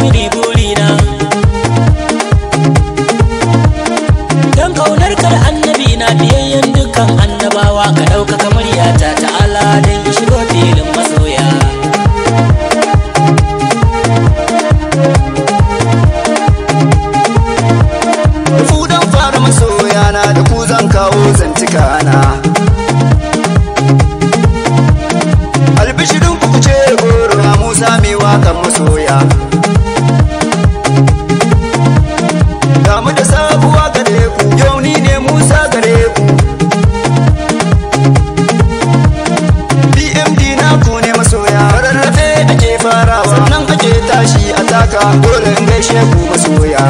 mini burina don kaunar kar annabi na biyayyen dukkan annabawa ka ɗaukaka muryata ta'ala don ki shigo filin masoya Fudan fara masoyana da ku zan kawo zancika na gaishe ku masoya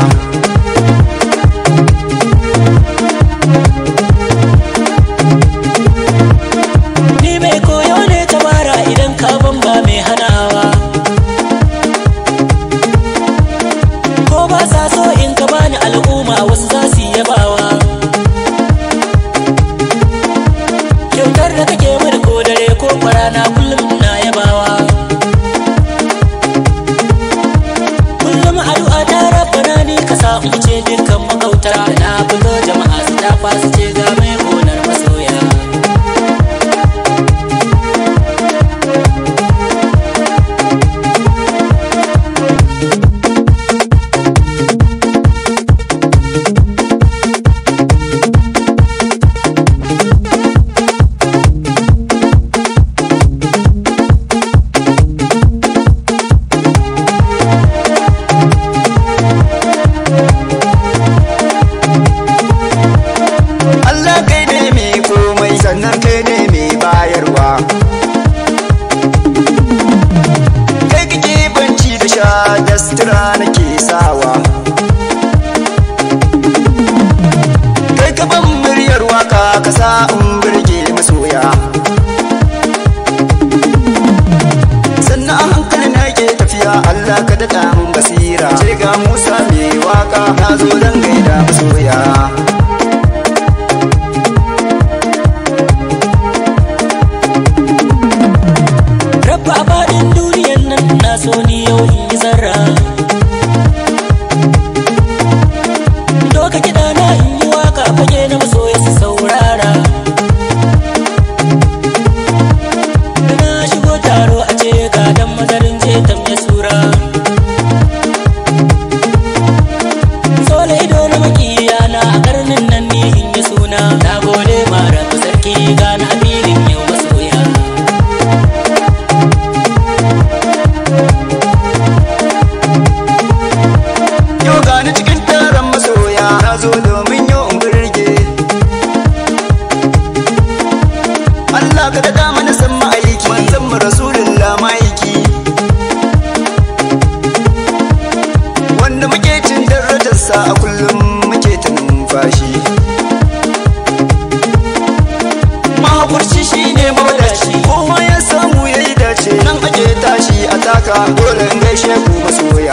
sutura nake sawa kai ka ban muryar waka ka sa in birge masoya sannan a hankali ke tafiya Allah ka daɗa min basira ce ga Musa mai waka na zo don gaida masoya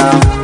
now.